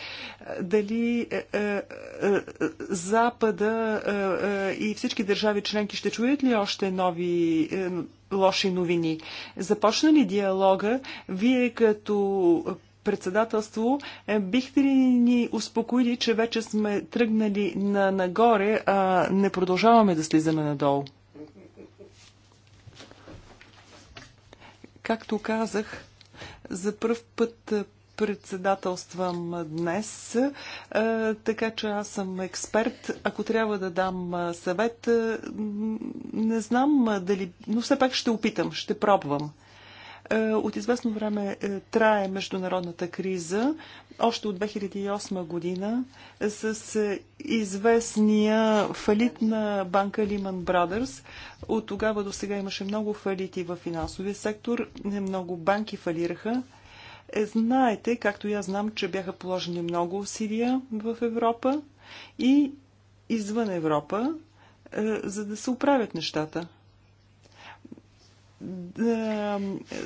Дали е, е, е Запада е, е, и всички държави членки ще чуят ли още нови лоши новини? Започна ли диалога? Вие като председателство, е, бихте ли ни успокоили, че вече сме тръгнали на нагоре, а не продължаваме да слизаме надолу? Както казах, за първ път председателствам днес, така че аз съм експерт. Ако трябва да дам съвет, не знам дали, но все пак ще опитам, ще пробвам. Е, от известно време е, трае международната криза, още от 2008 година, с е, известния фалит на банка Lehman Brothers. От тогава до сега имаше много фалити в финансовия сектор, много банки фалираха. Знаете, както я знам, че бяха положени много усилия в Европа и извън Европа, за да се оправят нещата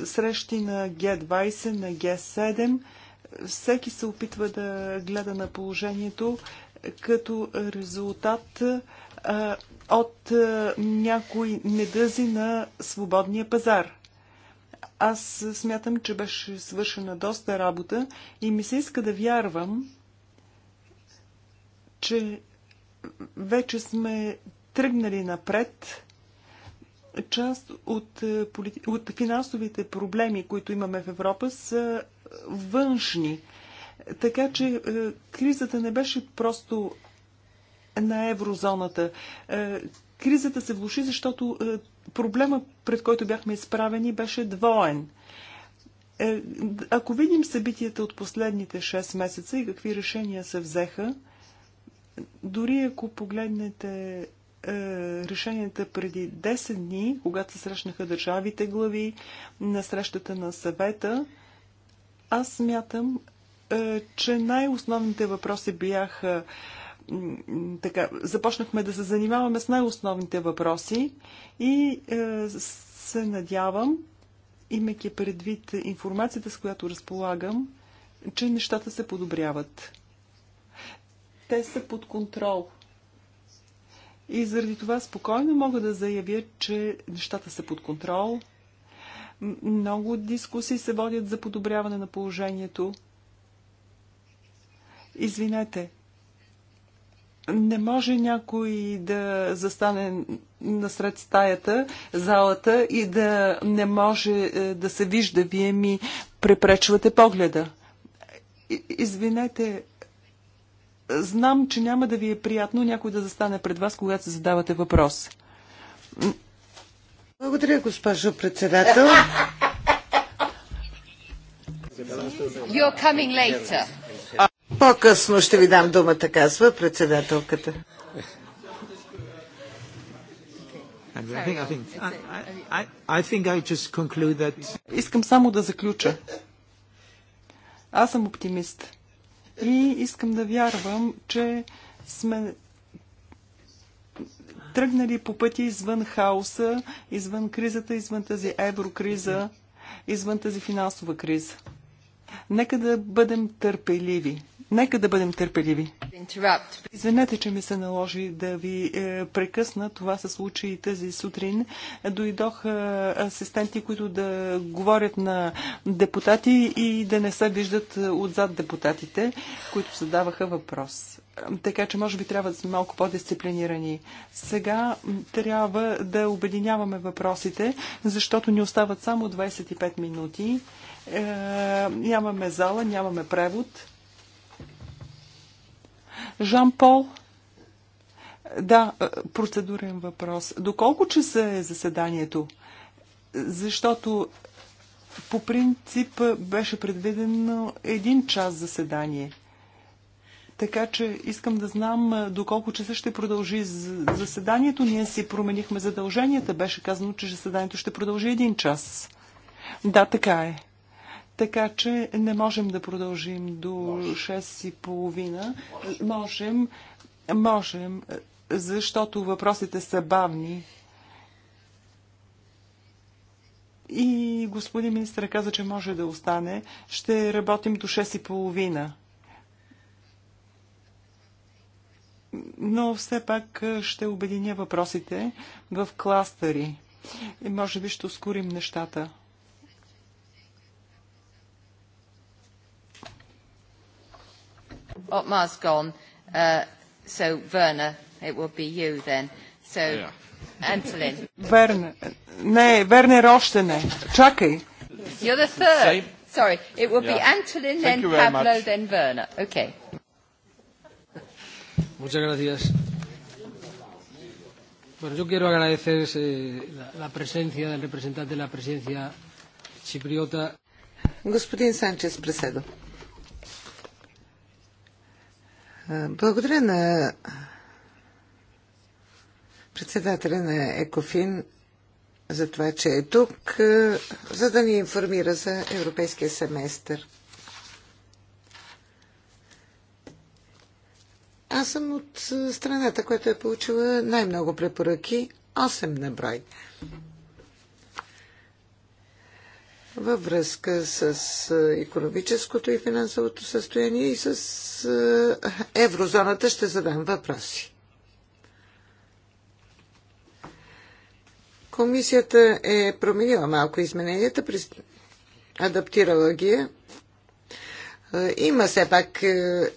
срещи на Г20, на Г7. Всеки се опитва да гледа на положението като резултат от някой недъзи на свободния пазар. Аз смятам, че беше свършена доста работа и ми се иска да вярвам, че вече сме тръгнали напред част от, е, от финансовите проблеми, които имаме в Европа, са външни. Така че е, кризата не беше просто на еврозоната. Е, кризата се влуши, защото проблема, пред който бяхме изправени, беше двоен. ако видим събитията от последните 6 месеца и какви решения се взеха, дори ако погледнете е, решенията преди 10 дни, когато се срещнаха държавите глави на срещата на съвета, аз смятам, е, че най-основните въпроси бяха така, започнахме да се занимаваме с най-основните въпроси и е, се надявам, имайки предвид информацията, с която разполагам, че нещата се подобряват. Те са под контрол. И заради това спокойно мога да заявя, че нещата са под контрол. Много дискусии се водят за подобряване на положението. Извинете, не може някой да застане насред стаята, залата и да не може е, да се вижда. Вие ми препречвате погледа. Извинете, Знам, че няма да ви е приятно някой да застане пред вас, когато се задавате въпрос. Благодаря, госпожо председател. You're coming later. По-късно ще ви дам думата, казва председателката. Искам само да заключа. Аз съм оптимист. И искам да вярвам, че сме тръгнали по пъти извън хаоса, извън кризата, извън тази еврокриза, извън тази финансова криза. Нека да бъдем търпеливи. Нека да бъдем търпеливи. Извинете, че ми се наложи да ви е, прекъсна. Това се случи и тази сутрин. Дойдох е, асистенти, които да говорят на депутати и да не се виждат е, отзад депутатите, които задаваха въпрос. Така че може би трябва да сме малко по-дисциплинирани. Сега трябва да обединяваме въпросите, защото ни остават само 25 минути. Е, нямаме зала, нямаме превод. Жан-Пол? Да, е, процедурен въпрос. Доколко часа е заседанието? Защото по принцип беше предвидено един час заседание. Така че искам да знам е, доколко часа ще продължи заседанието. Ние си променихме задълженията. Беше казано, че заседанието ще продължи един час. Да, така е така че не можем да продължим до 6 и половина. Можем, можем, защото въпросите са бавни. И господин министър каза, че може да остане. Ще работим до 6 и половина. Но все пак е, ще обединя въпросите в кластъри. И може би ще ускорим нещата. Otmar's gone, uh, so Werner, it will be you then. So, yeah. Antolin. Werner. Не, Werner Rostene. Chucky. You're the third. Same. Sorry, it will yeah. be Antolin, Thank then Pablo, much. then Werner. Okay. Muchas gracias. Bueno, yo quiero agradecer eh, la, la presencia del representante de la presidencia chipriota. Gospodin Sánchez, presedo. Благодаря на председателя на ЕКОФИН за това, че е тук, за да ни информира за европейския семестър. Аз съм от страната, която е получила най-много препоръки 8 на брой във връзка с економическото и финансовото състояние и с еврозоната ще задам въпроси. Комисията е променила малко измененията, адаптирала ги е. има все пак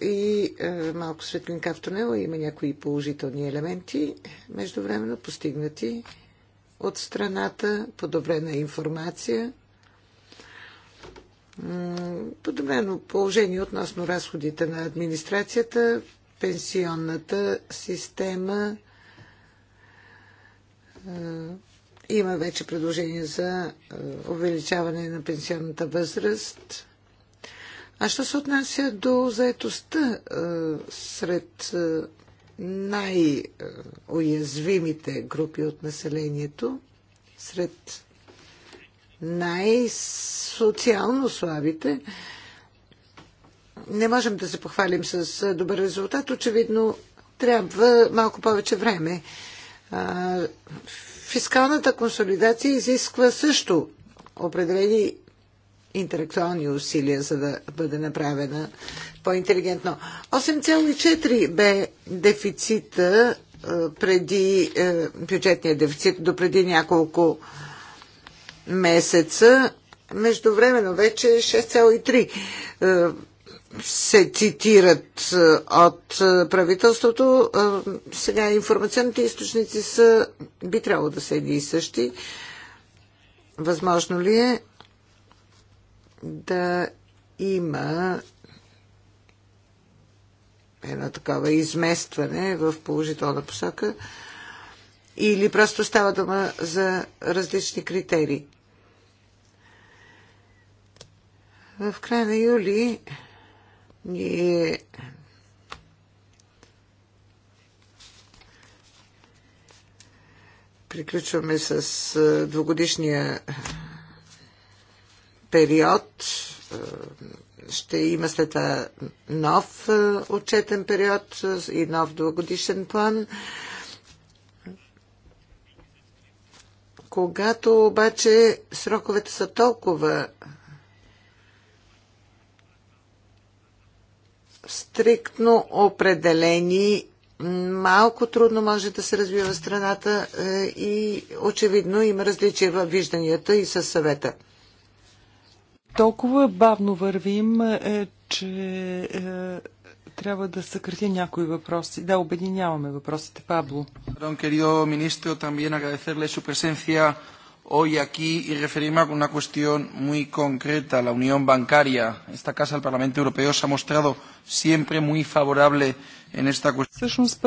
и малко светлинка в тунела, има някои положителни елементи, междувременно постигнати от страната, подобрена информация подобрено положение относно разходите на администрацията, пенсионната система. Е, има вече предложение за е, увеличаване на пенсионната възраст. А що се отнася до заетостта е, сред най-уязвимите групи от населението, сред най-социално слабите. Не можем да се похвалим с добър резултат. Очевидно, трябва малко повече време. Фискалната консолидация изисква също определени интелектуални усилия, за да бъде направена по-интелигентно. 8,4 бе дефицита преди е, бюджетния дефицит до преди няколко месеца. Междувременно вече 6,3 е, се цитират е, от правителството. Е, сега информационните източници са, би трябвало да са едни и същи. Възможно ли е да има едно такова изместване в положителна посока или просто става дума за различни критерии? В края на юли ние приключваме с двогодишния период. Ще има след това нов отчетен период и нов двогодишен план. Когато обаче сроковете са толкова стриктно определени. Малко трудно може да се развива страната е, и очевидно има различия в вижданията и със съвета. Толкова бавно вървим, е, че е, трябва да съкратя някои въпроси. Да, обединяваме въпросите, Пабло. Don querido ministro, también agradecerle su presencia hoy aquí y referirme a una cuestión muy concreta, la unión bancaria. Esta casa, el Parlamento Europeo, se ha mostrado siempre muy favorable en esta cuestión. Всъщност,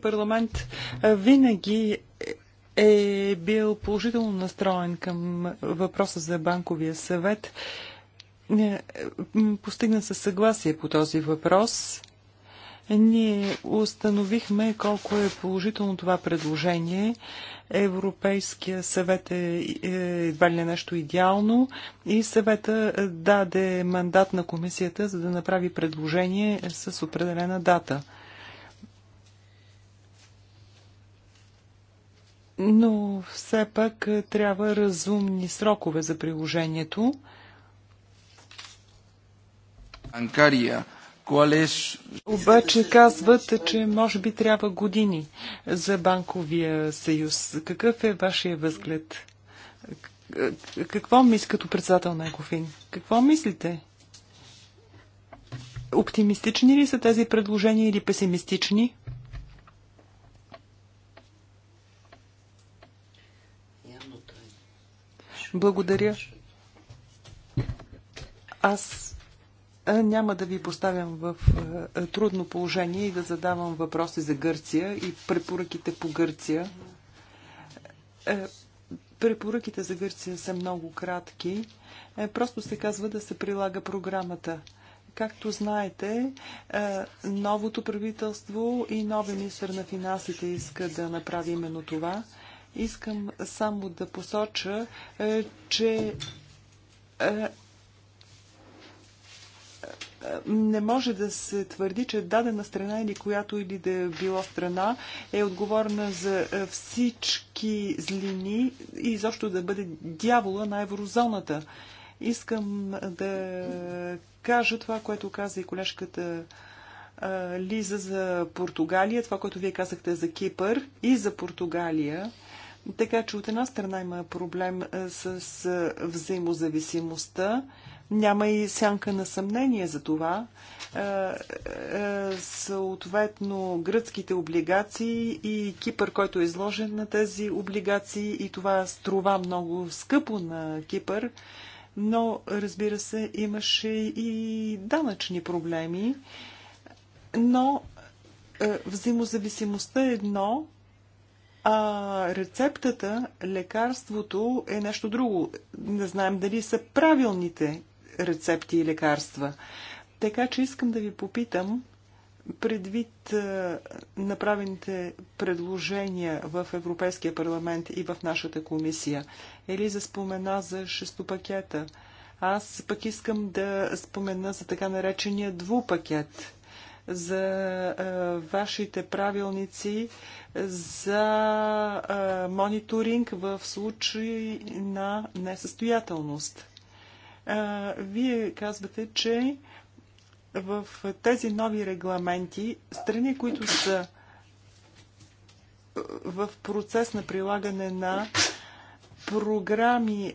парламент винаги е, е бил положително настроен към въпроса за банковия съвет. Е, постигна се съгласие по този въпрос. Ние установихме колко е положително това предложение. Европейския съвет е, е едва ли не нещо идеално и съвета е, даде мандат на комисията, за да направи предложение е, с определена дата. Но все пак трябва разумни срокове за приложението. Анкария обаче казват, че може би трябва години за банковия съюз. Какъв е вашия възглед? Какво мисли като председател на Екофин? Какво мислите? Оптимистични ли са тези предложения или песимистични? Благодаря. Аз няма да ви поставям в трудно положение и да задавам въпроси за Гърция и препоръките по Гърция. Препоръките за Гърция са много кратки. Е, просто се казва да се прилага програмата. Както знаете, е, новото правителство и нови министър на финансите иска да направи именно това. Искам само да посоча, е, че не може да се твърди, че дадена страна или която или да е било страна е отговорна за е, всички злини и изобщо да бъде дявола на еврозоната. Искам да кажа това, което каза и колежката е, Лиза за Португалия, това, което вие казахте за Кипър и за Португалия. Така че от една страна има проблем е, с взаимозависимостта, няма и сянка на съмнение за това. Е, е, е, съответно, гръцките облигации и Кипър, който е изложен на тези облигации и това струва много скъпо на Кипър. Но, разбира се, имаше и данъчни проблеми. Но взаимозависимостта е едно, а рецептата, лекарството е нещо друго. Не знаем дали са правилните рецепти и лекарства. Така че искам да ви попитам, предвид направените предложения в Европейския парламент и в нашата комисия. Елиза спомена за шестопакета. Аз пък искам да спомена за така наречения двупакет за е, вашите правилници за е, мониторинг в случай на несъстоятелност. Вие казвате, че в тези нови регламенти страни, които са в процес на прилагане на програми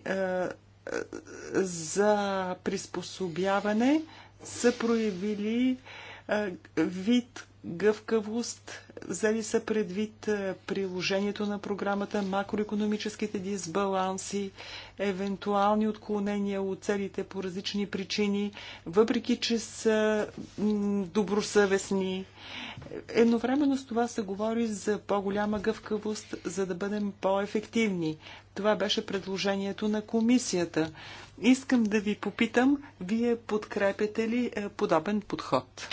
за приспособяване, са проявили вид гъвкавост, взели са предвид приложението на програмата, макроекономическите дисбаланси, евентуални отклонения от целите по различни причини, въпреки че са добросъвестни. Едновременно с това се говори за по-голяма гъвкавост, за да бъдем по-ефективни. Това беше предложението на комисията. Искам да ви попитам, вие подкрепяте ли е, подобен подход?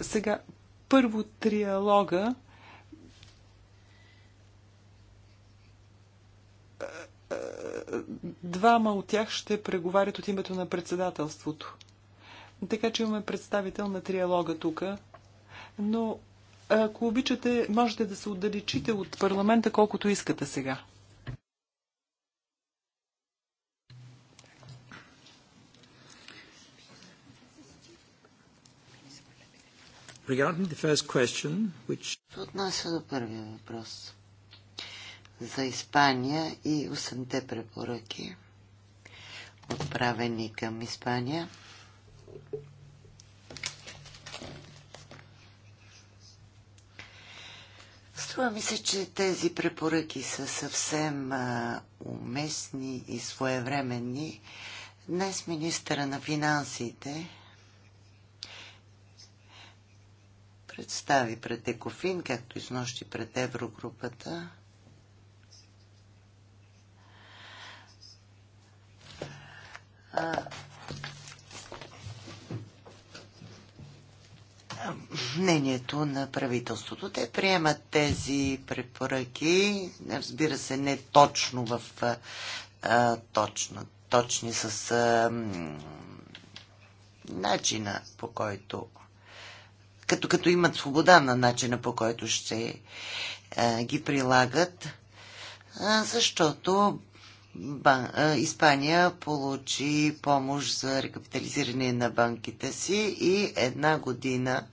Сега, първо триалога. Е, е, двама от тях ще преговарят от името на председателството. Така че имаме представител на триалога тук. Но ако обичате, можете да се отдалечите от парламента колкото искате сега. Regarding the first question, which... Отнася до първия въпрос за Испания и 8-те препоръки, отправени към Испания. Струва ми се, че тези препоръки са съвсем а, уместни и своевременни. Днес министъра на финансите представи пред Екофин, както и с нощи пред Еврогрупата, мнението на правителството. Те приемат тези препоръки, разбира се, не точно в а, точно, точни с а, начина по който като, като имат свобода на начина по който ще а, ги прилагат, а, защото бан, а, Испания получи помощ за рекапитализиране на банките си и една година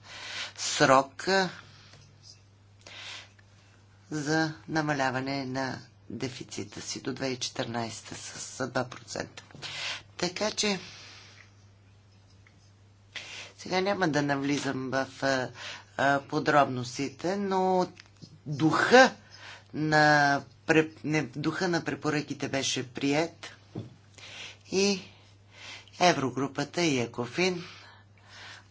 срок за намаляване на дефицита си до 2014 с 2%. Така че сега няма да навлизам в подробностите, но духа на, не, духа на препоръките беше прият и Еврогрупата и Екофин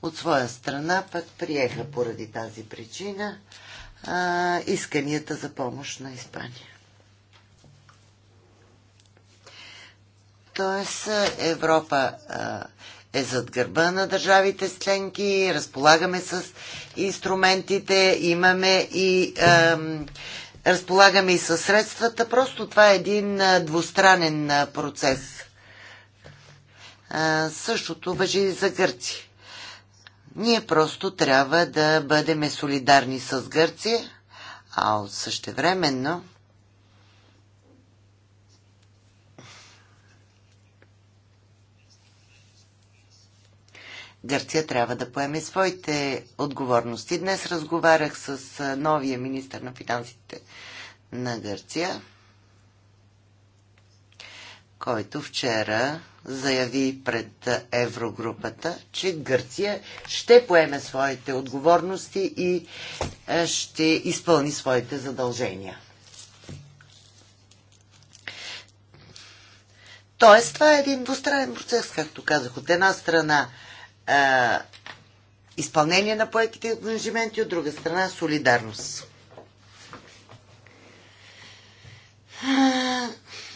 от своя страна пък приеха поради тази причина а, исканията за помощ на Испания. Тоест Европа а, е зад гърба на държавите членки, разполагаме с инструментите, имаме и ем, разполагаме и с средствата. Просто това е един двустранен процес. А, същото въжи и за гърци. Ние просто трябва да бъдем солидарни с Гърция, а от същевременно Гърция трябва да поеме своите отговорности. Днес разговарях с новия министр на финансите на Гърция, който вчера заяви пред Еврогрупата, че Гърция ще поеме своите отговорности и ще изпълни своите задължения. Тоест, това е един двустранен процес, както казах. От една страна е, изпълнение на поеките ангажименти, от друга страна солидарност.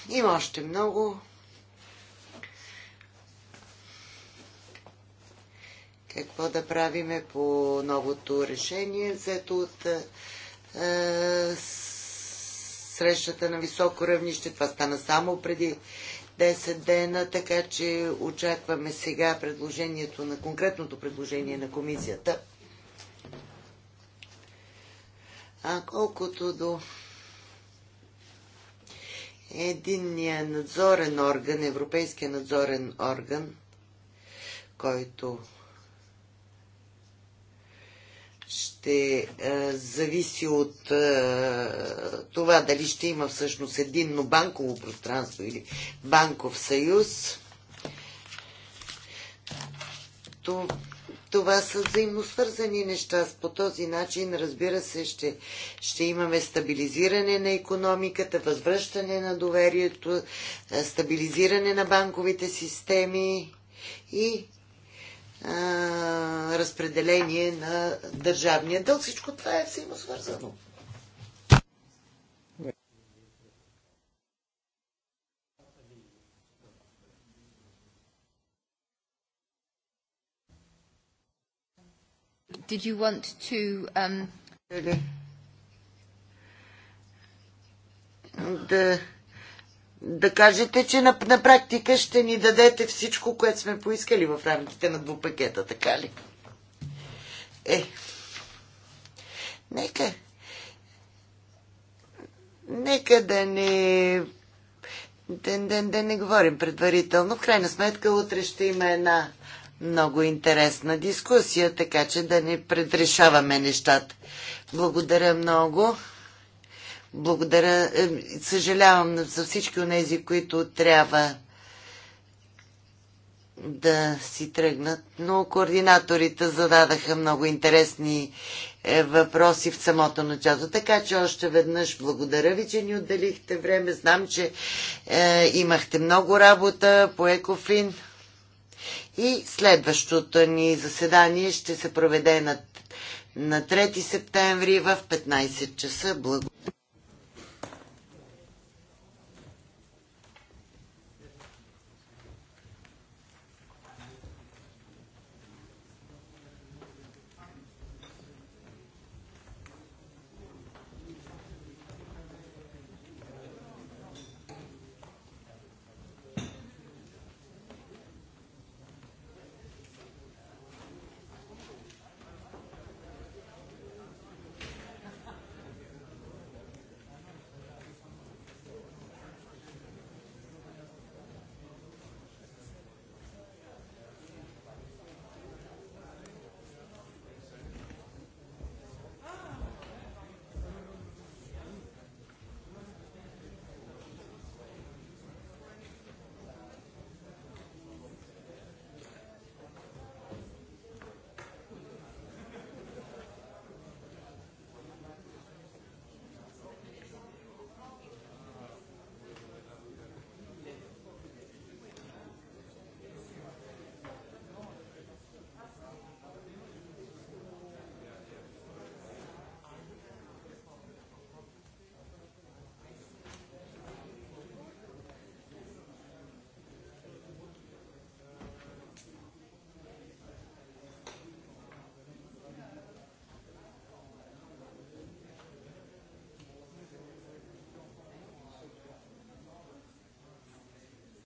има още много. Какво да правиме по новото решение, взето от е, е срещата на високо равнище. Това стана само преди 10 дена, така че очакваме сега предложението на конкретното предложение на комисията. А колкото до единния надзорен орган, европейския надзорен орган, който ще е, зависи от е, това дали ще има всъщност единно банково пространство или банков съюз. То, това са взаимосвързани неща. По този начин, разбира се, ще, ще имаме стабилизиране на економиката, възвръщане на доверието, е, стабилизиране на банковите системи и а, разпределение на държавния дълг. Всичко това е взаимосвързано. Did you want to... Um... Да да кажете, че на, на практика ще ни дадете всичко, което сме поискали в рамките на двупакета, така ли? Е, нека, нека да не Да, да, да не говорим предварително. В крайна сметка утре ще има една много интересна дискусия, така че да не предрешаваме нещата. Благодаря много. Благодаря. Е, съжалявам за всички от тези, които трябва да си тръгнат, но координаторите зададаха много интересни е, въпроси в самото начало. Така че още веднъж благодаря ви, че ни отделихте време. Знам, че е, имахте много работа по Екофин. И следващото ни заседание ще се проведе на, на 3 септември в 15 часа. Благодаря.